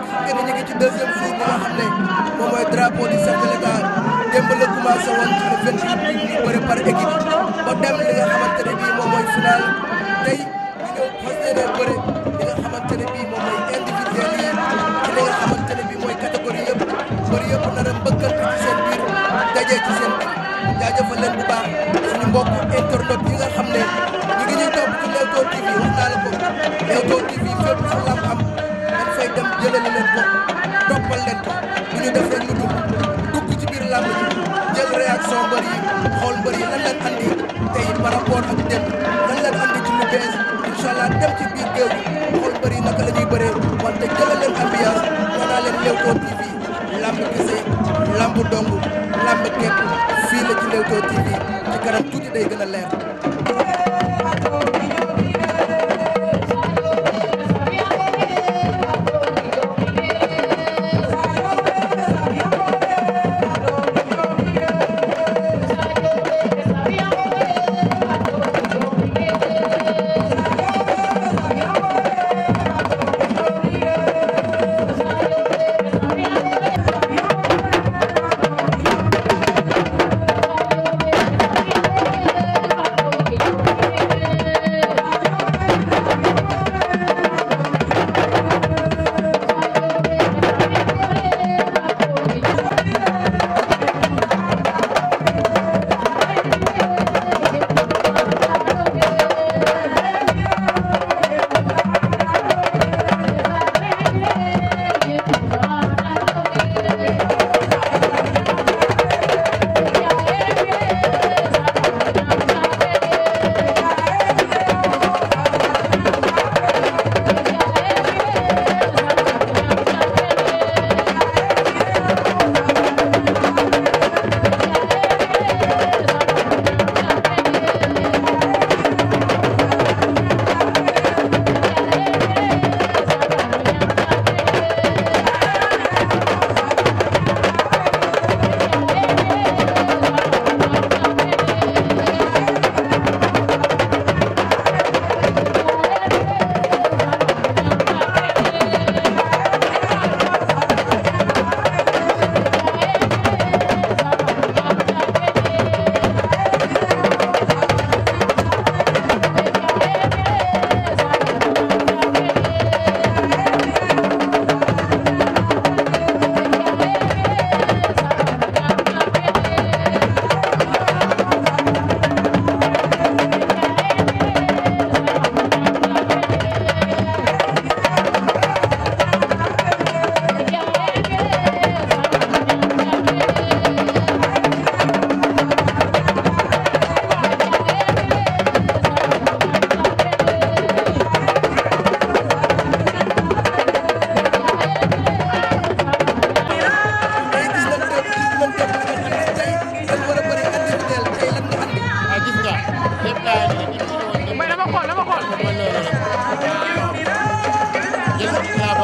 ee fu mu ci deuxième jour bi nga xam ne moom mooy drapeau du chef de l'État démb la commencé woon ci le 28 bi ñu bëre par équipe ba dem li nga xamante ne bii moom mooy final tey ñu ñëw fas yéene bëre li nga xamante ne bii moom mooy individuel yi ci li nga xamante ne bii mooy catégorie yëpp bëri yëpp nar a mbëkkante ci seen biir dajee ci seen biir jaajëfal leen bu baax suñu mbokk internet yi nga xam ne ñu ngi ñuy topp ci Leewtoo TV wax naa la ko Leewtoo TV fépp jëlal leen ko toppal leen ko bu ñu def rek lu dul dugg ci biir làmb ji jël réaction mbër yi xool mbër yi lan leen andi tey par ak dem lan leen ci lu bees incha allah ci biir géew bi xool mbër yi naka la ñuy bëree wante jëlal leen ambiance nee leen Leewtoo TV làmb kese làmb dong làmb képp fii la ci Leewtoo TV ci kanam tuuti day gën a leer.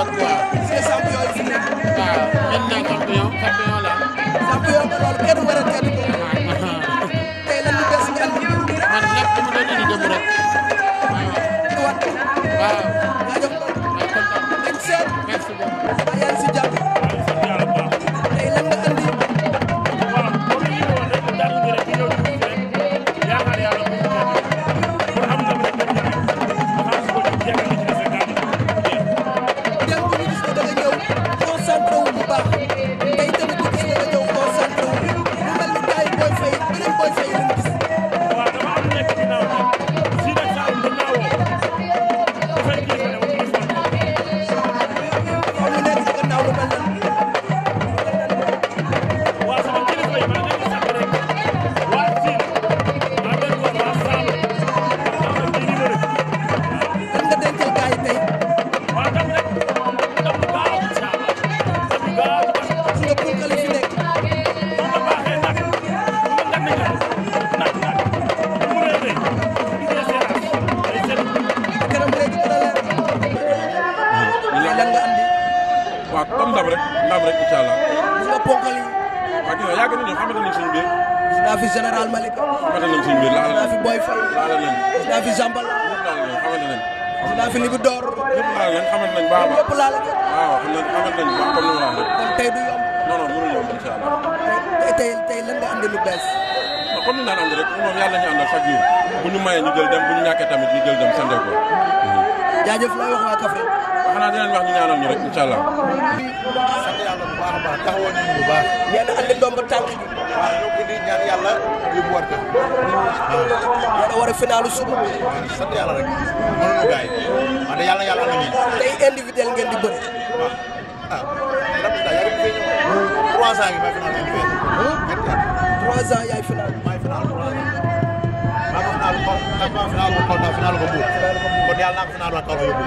mode quoi. parce que champion yi fi nekk. waaw maintenant champion champion la. champion la loolu kenn war a teel ko. tey lan lu bees nga andi. man nag dama doon indi démb rek. waaw. waaw. waaw kontaan. merci beaucoup. comme ni naan ànd rek ñu àndal chaque jour bu ñu mayee ñu jël dem bu ñu ñàkkee tamit ñu jël dem sante ko. jaajëf lay wax waa Kaffrine. xanaa dinañ wax ñu ñaanal ñu rek incha allah. sant yàlla bu baax a baax taxawoon nañu bu baax. nee na andi ndomb a a finaalu suba. sant yàlla yàlla di bëri. waaw ah. final ko maa ko final ko maa final ko Kolda final ko Mbour kon yàlla naa ko final waa Kaolack yóbbu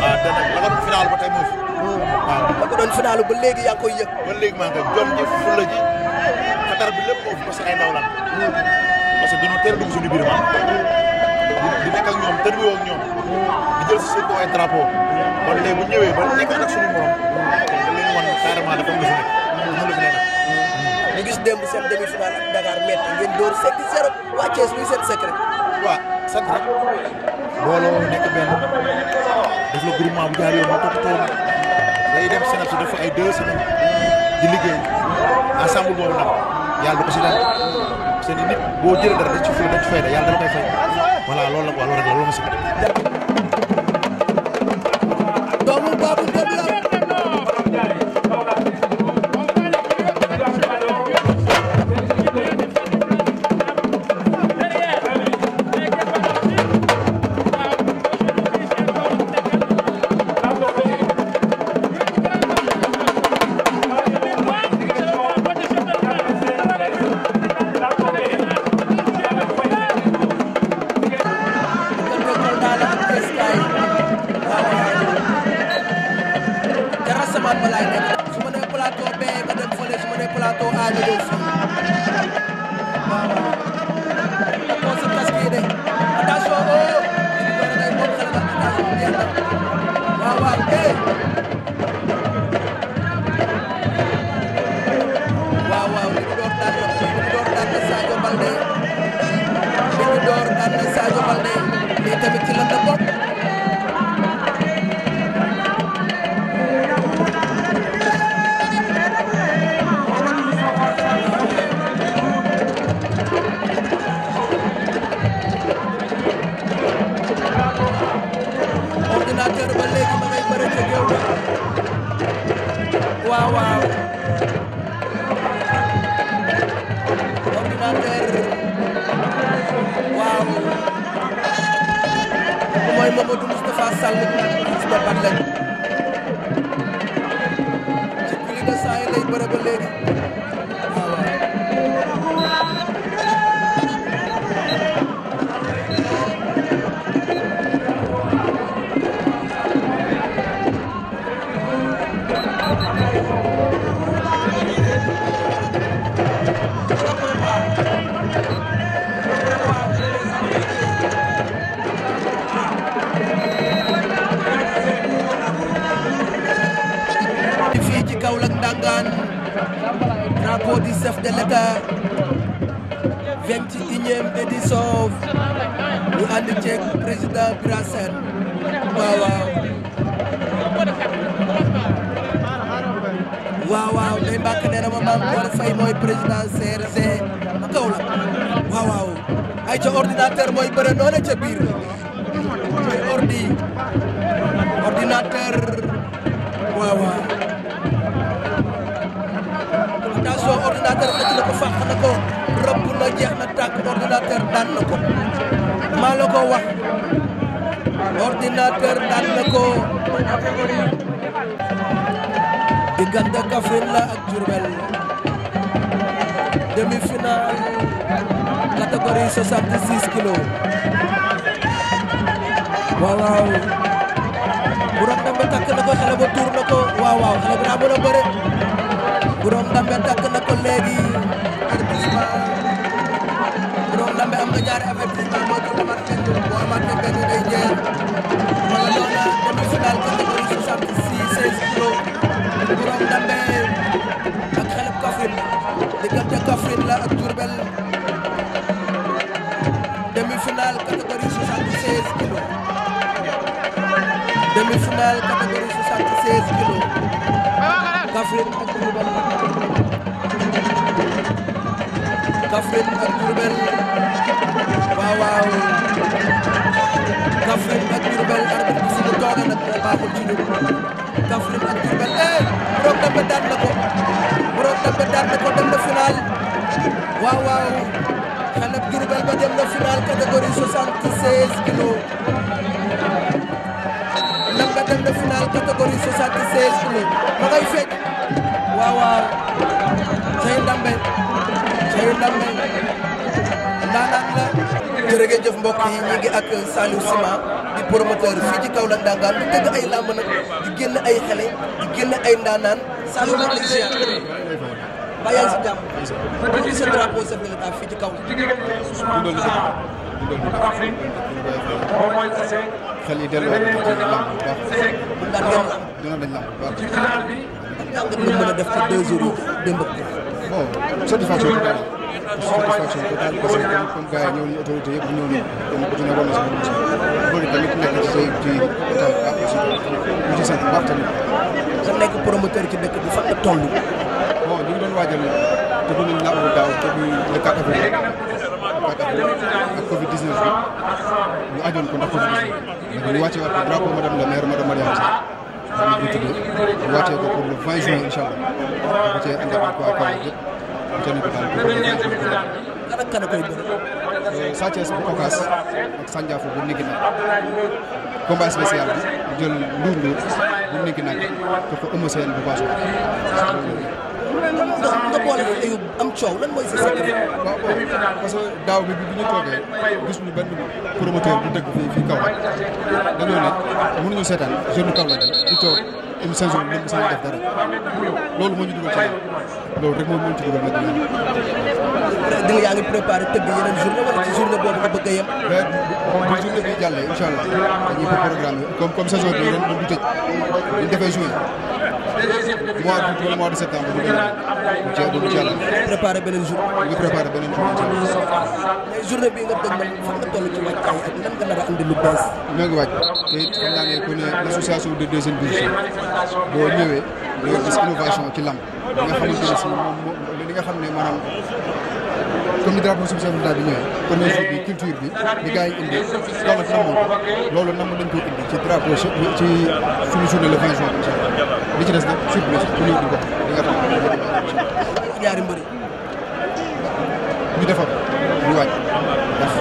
waaw te nag la ko doon final ba tey mooy waaw la ko doon final ba léegi yaa ngi koy yëg ba léegi maa ngi koy jom ji fulla ji xatar bi lépp foofu parce que ay ndaw lan parce que dañoo teel dugg suñu biir maam di nekk ak ñoom tëdd bi ak ñoom di jël si surtout ay drapeau kon léegi bu ñëwee ba nekk ak suñu morom dañ leen wan carrément dafa am lu si nekk match démb seen demi final ak Dakar métti ngeen door fekk zéro waa Thiès luy seen secret. waaw sant rek booloo nekk benn def la groupement bu jaar yoon mu toppatoo day dem Sénégal su def ay deux semaines di liggéey ensemble boobu nag yàlla du ko si daan seen i nit boo jëlee dara dañ ci fay dañ fay da yàlla dana koy fay. Ballon d'Or daan na Sadio Mané mooy Mamadou Moustapha Sall ci boppam lañ ci plus de 100 lay bëre ba léegi. drapeau du chef de l'État président waaw waaw waaw waaw nee na ma maam Mor Faye mooy président CRG kaw la waaw waaw ay ca ordinateur mooy bëre noonu ca biir mooy ordinateur ordinateur xëcc na ko fàq na ko rëbb na na ko maa la na ko diggante Kaffrine la na ko Borom Lambe takk na ko léegi avertissement Borom Lambe am na ñaari avertissement moo ci amaat benn boo amaatee benn day jeex ma nga doon demi-final catégorie soixante-six seize kilo Borom Lambe ak xeleb Kaffrine diggante Kaffrine la ak Diourbel demi-finale catégorie soixante-seize kilo demi-finale Kaffrine ak Diourbel Kaffrine ak Diourbel waaw waaw Kaffrine ak Diourbel arbitre bi toog nag moo baaxul ci ñun Kaffrine ak Diourbel eh borom dambe daan na ko borom dambe daan dem na final waaw waaw xalab Diourbel dem na final catégorie 76 kilos Lamba dem na final catégorie 76 ma ngay fecc waaw Seye Ndambe Seye Ndambe ndaanaan la jërëjëf mbokk yi ñu ngi ak Saliou Ciment di promoteur fii ci Kaolack Ndangaan di tëgg ay làmb nag di génn ay xale di génn ay ndaanaan Saliou maa ngi lay ziar si jàmm ba ci sa drapeau sa militaire fii jàngat nga mën a def ci deux jours yi démb bon satisfaction totale satisfaction totale parce que comme gars yi ñëw nañu autorité yëpp ñëw ci nekkoon na si loolu tamit nekk ci say ci bi baax aussi ñu ci sant baax tamit sa nekk promoteur ci dëkk bi fa te bu nañ làmb daaw te bu le 4 ak covid 19 bi ñu ajoon ko ndax covid 19 bi ñu wàcce waat ko drapeau madame la maire madame Mariam Sarr am na ñu tudd waatee ko pour le 20 juin incha allah bu cee àndaat ko ak yëpp bu cee nekk daal pour le 20 juin kan ak kan koy bëri. Sa Thiès bu Kokaas ak Sandiafou bu Niggi Nag combat spécial jël nduur nduur bu Niggi Nag te ko ëmb seen bu baax nga nga boole fi ayub am coow lan mooy si secret. waaw parce que daaw bi bi ñu toogee gis ñu benn promoteur bu dëkk fii fii Kaolack dañoo ne mënuñu seetaan jeune Kaolack yi di toog une saison même sans def dara loolu moo ñu dugal ci loolu rek moom moo ñu ci dugal nag di nga yaa ngi préparé tëgg yeneen journée wala ci journée boobu nga bëgg a yem. bu journée bi jàllee incha allah dañuy ko programme comme comme saison bi ren du tëj bu ñu defee joué. mois d' août wala mois de septembre bu demee du ci du préparé beneen jour. ñu préparé beneen jour journée bi nga déglu fan nga toll ci wàccaay ak nan nga nar a andi lu bees. ñoo ngi wàcc te it naa ne ku ne l' association de deuxième division boo ñëwee ñoo innovation ci lamb li nga xam ne maanaam. comme ni drapeau suñu chef bi ñëwee connaissance bi culture bi ni gars yi indi Kaolack ko loolu nam nañ indi ci drapeau ci suñu journée le 20 bi ci des nag surprise bu ñëw di ko ñu defar ñu wàcc ndax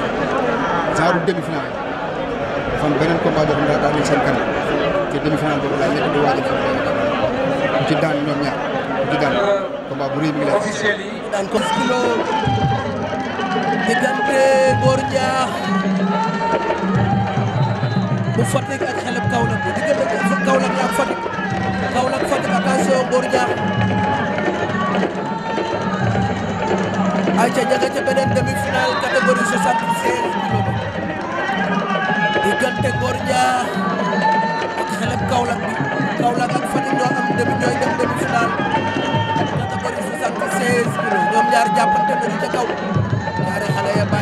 genre demi final dafa am beneen combat boo xam ne daal nañ seen kanam te demi final boobu laa nekk di waajal ci daan ñoom ñaar ci daan combat bu rëy bi ngi diggante Ngor Niakh bu Fatick ak xeleb Kaolack bu diggante Kaolack ak Fatick Kaolack Fatick attention Ngor ay ca ña ca beneen demi-finale catégorie 76 kilos diggante Ngor ak xeleb Kaolack bi Kaolack ak Fatick ñoo am demi ñooy dem demi-finale catégorie 76 kilos ñoom ñaar jàppante nañu ca kaw.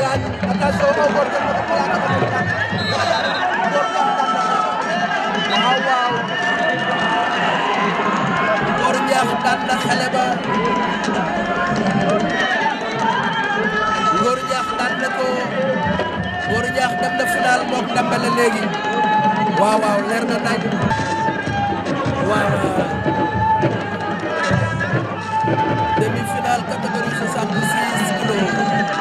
dan atas soal korban melakukan awal korban tanda keleba gorjax daan na dem na final mook léegi waaw waaw leer na nañ waaw demi final catégorie soixante-six kilos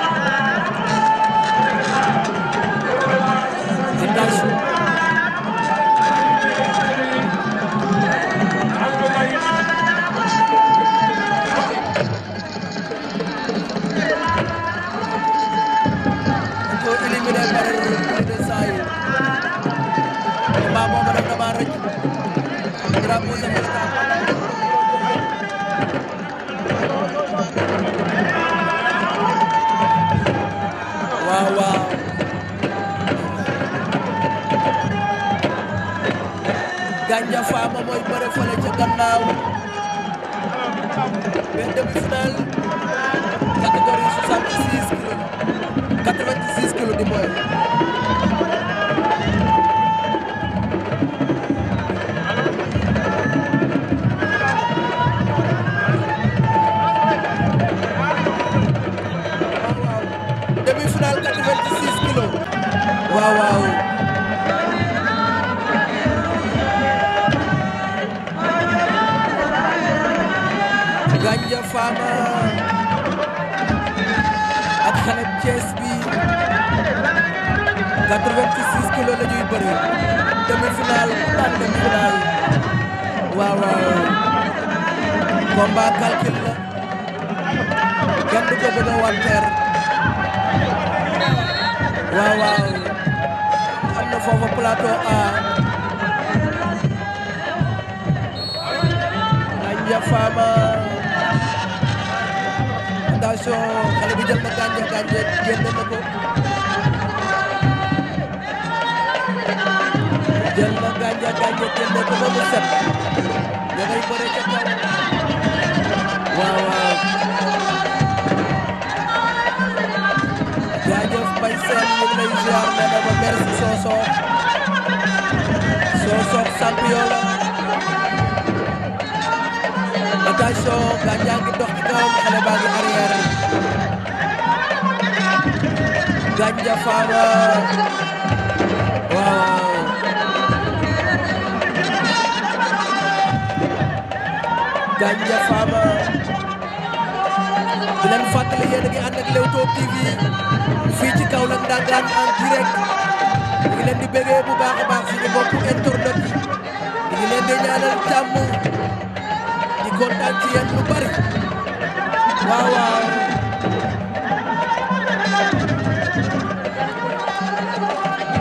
drapeau sénégal waaw waaw Gandia Fama mooy bëre fële ca gannaaw benn demi-finale catégorie 66 kilos 86 kilos di mooy waaw waaw Gandia Fama ak xale Thiès bi 86 kilos la ñuy bëri demi-finale ak demi-finale waaw waaw combat calcul la kenn du ko bëgg plateau A Gandia Fama attention xale bi jël na Gandia Gandia génn na ko jël na Gandia Gandia génn na ko ba mu ngay bëre ca kaw seen ñu ngi lay ziar nee na ma merci Sosokh Sosokh champion la attention waaw Gandia Fama di leen fàttali yéen a ngi ànd bégee bu baax a baax suñu mbokku internet yi ñu ngi leen di ñaanal di kontaan ci yéen bari waaw waaw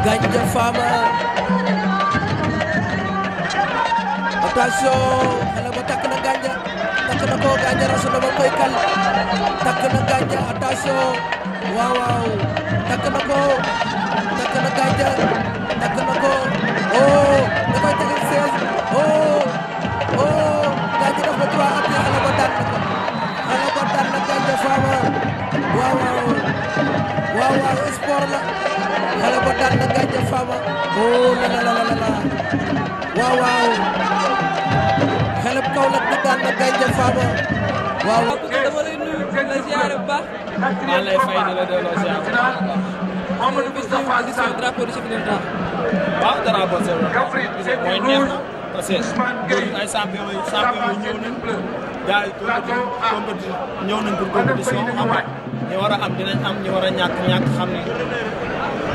Gandia Fama attention xale ba na Gandia takk na ko Gandia rasu na ba koy kal na Gandia attention waaw waaw na ko takk na Gandia oh da koy tegal seize oh oh daa ci def ba trois at xale ba daan na ko xale ba daan na Gandia Fama waaw waaw waaw waaw sport la xale ba daan na Gandia Fama oh la la la la la waaw waaw xale bu kaw la bi daan na Gandia Fama waaw. dama lay nuyu la ziare bu baax. maa lay fay di la delloo ziare bu baax. Mamadou Moustapha Sall drapeau du chef de l'État waaw drapeau chef de l'État mooy neex parce que ay champion yi champion yi ñëw nañ gars yi ah. compétition ñëw nañ pour compétition am ñu war a am dinañ am ñu war a ñàkk ñàkk xam ne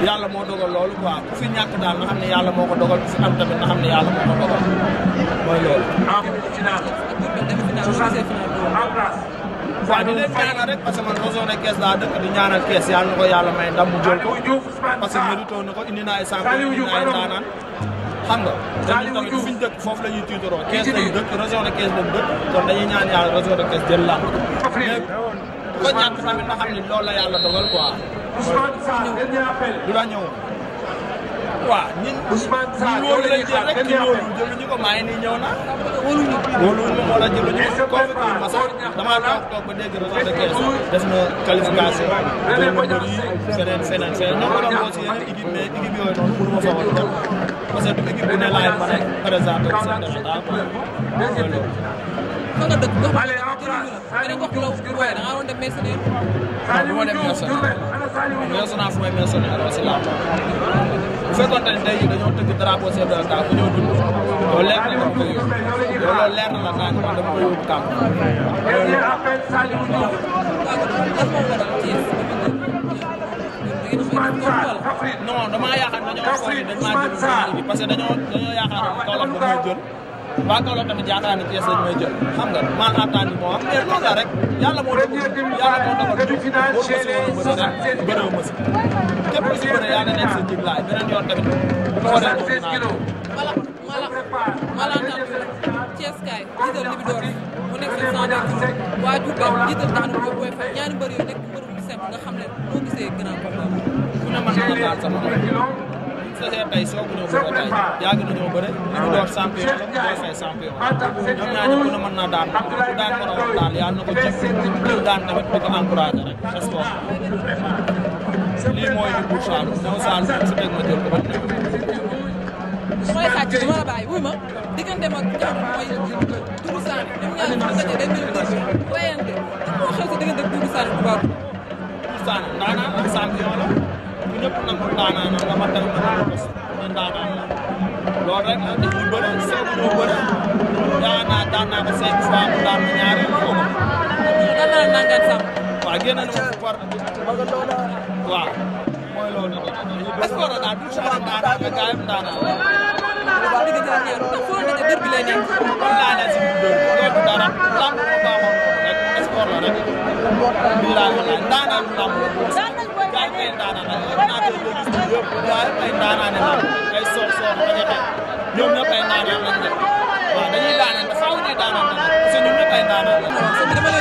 yàlla moo dogal loolu quoi ku fi ñàkk daal na xam ne yàlla moo ko dogal ku fi am tamit na xam ne yàlla moo ko dogal mooy loolu ah. waaw di leen ñaanal rek parce que man région de Thiès dëkk di ñaanal Thiès yàlla na ko yàlla may ndam mu jël ko parce que mérito ko indi naa ay champion indi naa ay ndaanaan xam nga dañu tamit fi ñu foofu la ñuy tiitaroo Thiès lañu dëkk région de Thiès lañu ñaan yàlla région de jël la mais ko ñàkk tamit nga xam ne loolu la yàlla dogal quoi du la waaw ñun Ousmane Sarr ñoo la ñuy xaar rek ci loolu jëluñu ko maa ngi nii ñëw naa wóoluñu wóoluñu moo la jëluñu ko confiture ma sax damaa toog toog ba dégg réseau de caisse def na qualification jël na mbër yi feneen feneen feneen ñoo ko doon aussi yeneen équipe mais équipe yooyu noonu pour ma soxal dem parce que équipe bu ne laay mën a présenté seen résultat loolu fa nga dëkk gox bi beneen gox la waaye da ngaa doon dem mercenaire. waaw bu ma dem mercenaire mercenaire fu may mercenaire aussi laa bu fekkoon ne tey dañoo tëgg drapeau chef de l'État ku ñëw dund loolu leer na ko yow loolu leer na la naa ne dama koy yóbbu kàmb non damaa yaakaar dañoo xool dañ maa jël parce que dañoo dañoo yaakaar Kaolack dañoo jël waa Kaolack tamit yaakaar ni Thiès lañ may jël xam moo am mais loolu rek yàlla moo doon yàlla moo doon ko jóg ngi nekk sa jib laay beneen yoon tamit bu ko ko. mala mala mal entendu Thiès kaay jiital li bi nekk si sans détour waa nga xam leen boo gisee grand combat. sama tasee tey soog ñoo bëgg a tey yàgg nañoo bëre li ñu door champion la boo fay champion am naa ne ku ne mën naa daan ko ku daan mën a wax daal yàlla na ko jëf ku daan tamit di ko encouragé rek parce que lii mooy ñu buur Saalum ñëw Saalum si teg ma jël ko ba dina mooy sàcc du ma la bàyyi wuy ma diggante ma jàmm mooy Doudou Sané ñoom ñaar ñu dajee day mel ni rayante moo xew si diggante Doudou Sané bu baax Doudou Sané ndaanaan ak champion la ñëpp nangu ndaanaan na dama teel a mos ne ndaanaan la loolu rek ah dañuy bëre seetlu moo bëre daan naa daan naa ko cinq fois mu daan na ñaari foofu. lan la nangal sax. waaw génn na ma sport waaw mooy loolu la. sport la daal toujours daal daanaka nga gaayam ndaanaan la. waaw dëgg la ñaar ndax foo nekk dër bi lay nekk. kon laa la si dër loolu dara lamb ko baaxoon rek sport la rek. bilaay walaay ndaanaan lamb ay ndaanaan la ordinateur boo gis ñoom yëpp waaye ay ndaanaan la ay soox soox ba ñexe ñoom ñëpp ay ndaanaan lañ nekk waaw dañuy daanaan ba faaw ñuy daanaan la parce que ñoom ñëpp ay ndaanaan la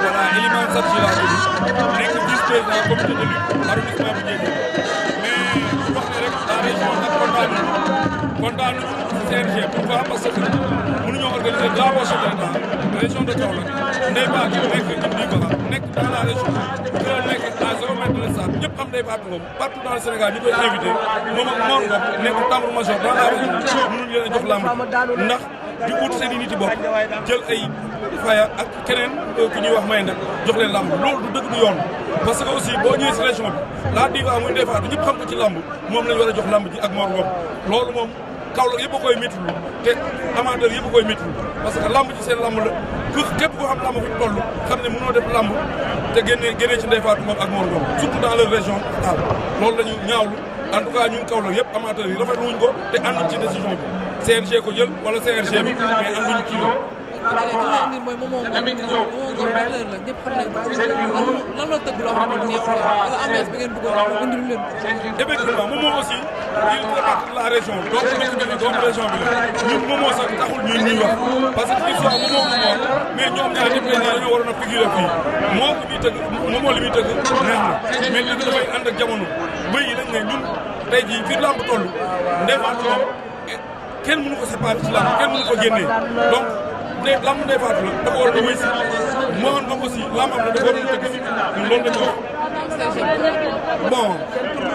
voilà Elimane Sadji laa tudd nekk vice président comité de lutte arrondissement bu Ndiédiène mais wax ne rek la région nag kontaan nañu kontaan nañu CNG pourquoi parce que mënuñoo organiser drapeau chef de l'État région de Kaolack ndey baa nekk ci biir nekk dans la région nekk ñépp xam day Pape Ngom partout dans le Sénégal ñu koy moom ak Mor Ngom nekk tambour major dans la région mënuñu leen a jox lamb ndax di ut seen i nit yi bopp jël ay faya ak keneen euh, ku ñuy wax may nag jox leen lamb loolu du dëgg du yoon parce que aussi boo ñëwee si région bi la diva muy des fois du ñëpp xam ko ci lamb moom lañ war a jox lamb ji ak Mor Ngom loolu moom Kaolack yëpp koy méttiwul te amateur yëpp a koy méttiwul parce que ci seen lamb la ku képp koo xam lamb fi ñu toll xam ne mënoo def lamb te génnee génnee ci Ndeye Fatou Ngom ak Mor Ngom surtout dans leur région daal loolu la ñu ñaawlu en tout cas ñu ngi kaw yëpp amateurs yi rafetlu wuñ ko te ànduñ ci décision bi CNG ko jël wala CRG bi mais ànduñ ci waaw xam naa ni mooy moom moo moom góor ba leer la ñëpp xam nañ la tëgg loo xamante ni wala ambiance bi ngeen bëggoon a indil leen effectivement moom moo aussi il représente la région donc nekk nañu doom bi la ñun moom moo taxul ñun ñuy wax parce il soit moom moo moom mais ñoom ñaar ñëpp président dañoo waroon a figuré fii moo ko muy tëgg moom moo li muy tëgg neex na mais dëgg dafay ànd yi nag ne ñun tey jii fii làmb toll ndeyfaat moom kenn mënu ko séparé ci làmb day lamb day la dafa war a wéy si moom am aussi lamb am na dafa war a tëgg ñun loolu la ñu wax bon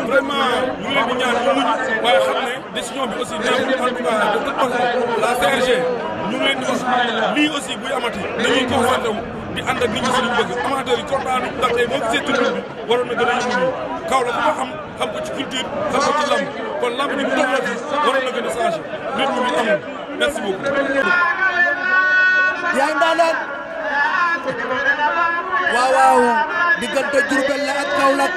vraiment ñu ngi leen di ñaan ñu muñ waaye xam ne décision bi aussi neex en tout cas de toute façon ñu ngi leen di wax lii aussi buy amati dañuy confronté wu di bi ak nit ñi si a ñu bëgg amateurs na gën a yëngu kaw la ku ko xam xam ko ci culture xam ko ci lamb kon lamb ni mu doxee waroon na gën a changé nit ñi amul merci beaucoup. yaay ndaanaan waaw waaw diggante Diourbel la ak Kaolack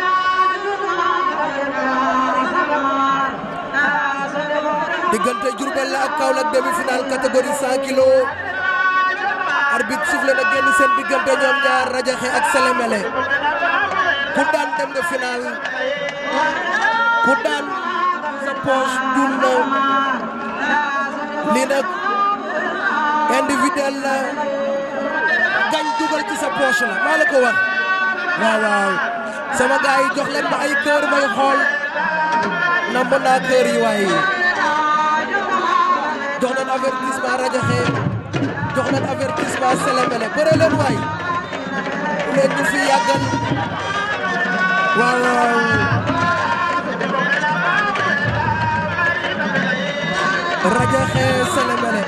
diggante Diourbel la ak Kaolack demi-finale catégorie 100 kilos arbitre soufflé na génn seen ñoom ñaar Radiakhé ak Sélémélé ku daan dem na finale ku daan sa poche dul na lii nag individuel la gañ dugal ci sa poche la maa la ko wax waaw waaw sama gars yi jox leen ma ay kër may xool namb naa kër yi waaye jox nañ avertissement Radiakhé jox nañ avertissement Sélébélé bëre leen waay bu leen ñu fi yàggal waaw waaw Radiakhé Sélébélé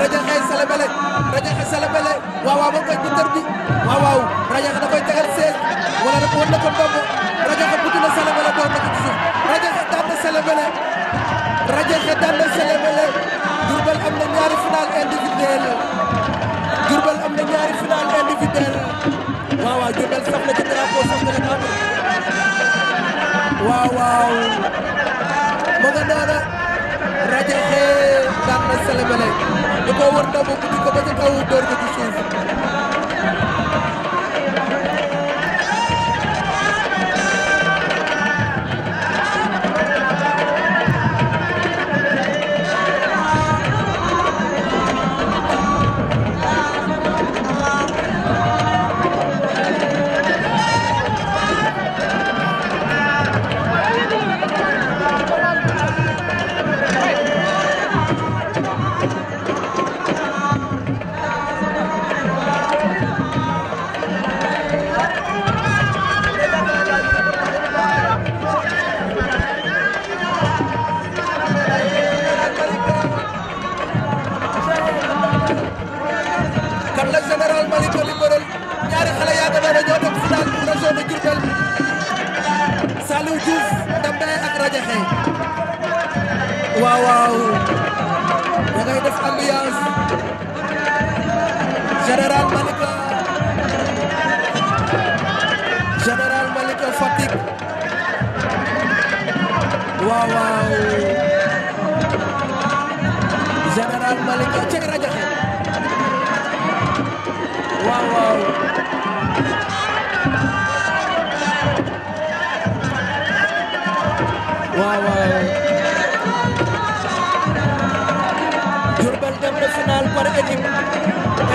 Radiakhé Selebele Radiakhé Selebele waaw waaw moom mooy buntar bi waaw waaw Radiakhé da koy tegal seen wala da ko war na ko ndomb Radiakhé butu na Selebele door na ko ci suuf Radiakhé daan na Selebele Radiakhé daan na Selebele Diourbel am na ñaari final individuel Diourbel am na ñaari final individuel waaw waaw Diourbel saf na ci drapeau saf na la waaw waaw ma nga noona rajaxe daan na Sélébélé da koo war ndomb bu di waaw waaw Diourbel dem par équipe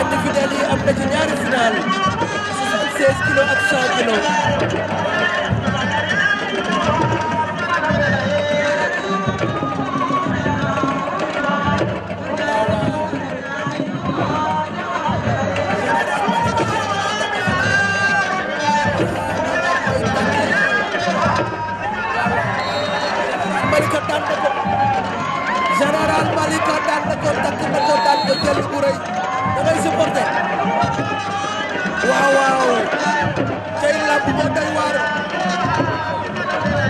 individuel yi am na ci ñaari final 76 kilos ko jël bu rëy da ngay supporter waaw waaw cay làmb ja day waar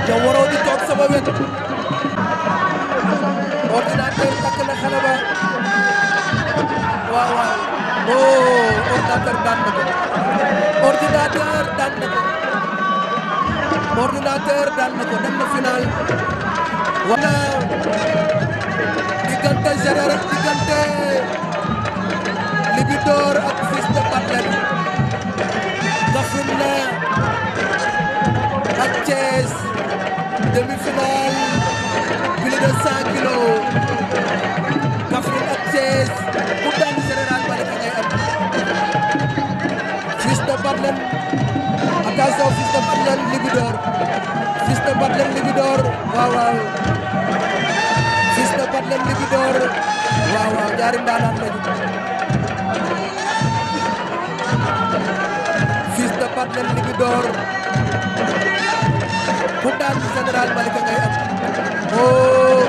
ja waroo di toog sama wet ordinateur takk na xale ba waaw waaw oh ordinateur daan na ko ordinateur daan na ko ordinateur daan na ko dem na final waaw diggante Général ak diggante ak Fils de Batlene Kaffrine ak Thiès demi-finale plus de ak Thiès bu daan Général Malika ngay am Fils de Batlene attention Fils de Batlene Libidor Fils de ak leen ligi door waaw waaw ñaari ndaanaan lañu fils de Pape Lène Libidor ku daan général Malika ngay am oo oh,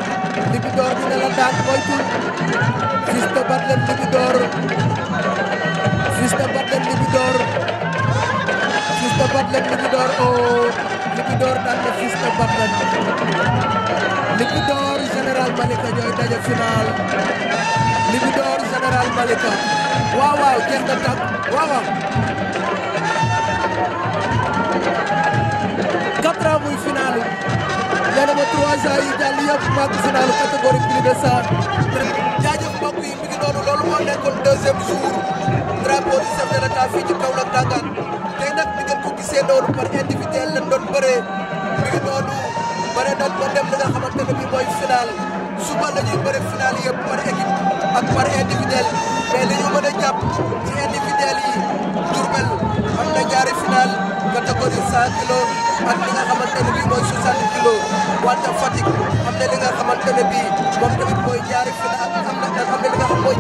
Libidor dina la daan moytu fils de Pape Lène Libidor fils de Pape Lène Libidor fils de Pape Lène Libidor oo oh. d'or daan na fils de Batman Libi d'or général Malika ñooy daje final Libi d'or général Malika waaw waaw jeex na tàkk waaw waaw. quatre ans na ma trois ans yi daal gisee noonu par individuel lañ doon bëree mi ngi noonu bëre nañ ba dem li nga xamante ne bii mooy la ñuy bëre final yëpp par équipe yi Diourbel di ak li nga xamante mooy 60 kilos wante Fatick am na ne li nga xam mooy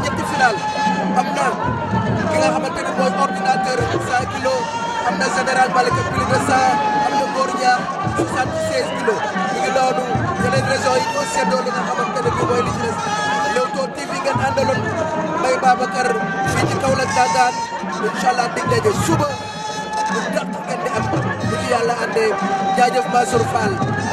ñetti final am na ki nga xamante ne mooy ordinateur 100 kilos am na général Malika plus de 100 am na Ngor Niakh 76 kilos mi ngi doonu yeneen yi ñoo seetloo li nga xamante ne mooy li ci des Leewtoo TV ngeen àndaloon Mbaye Babacar fii ci Kaolack Ndangaan incha allah suba. Balde jaajëf Mansour Fall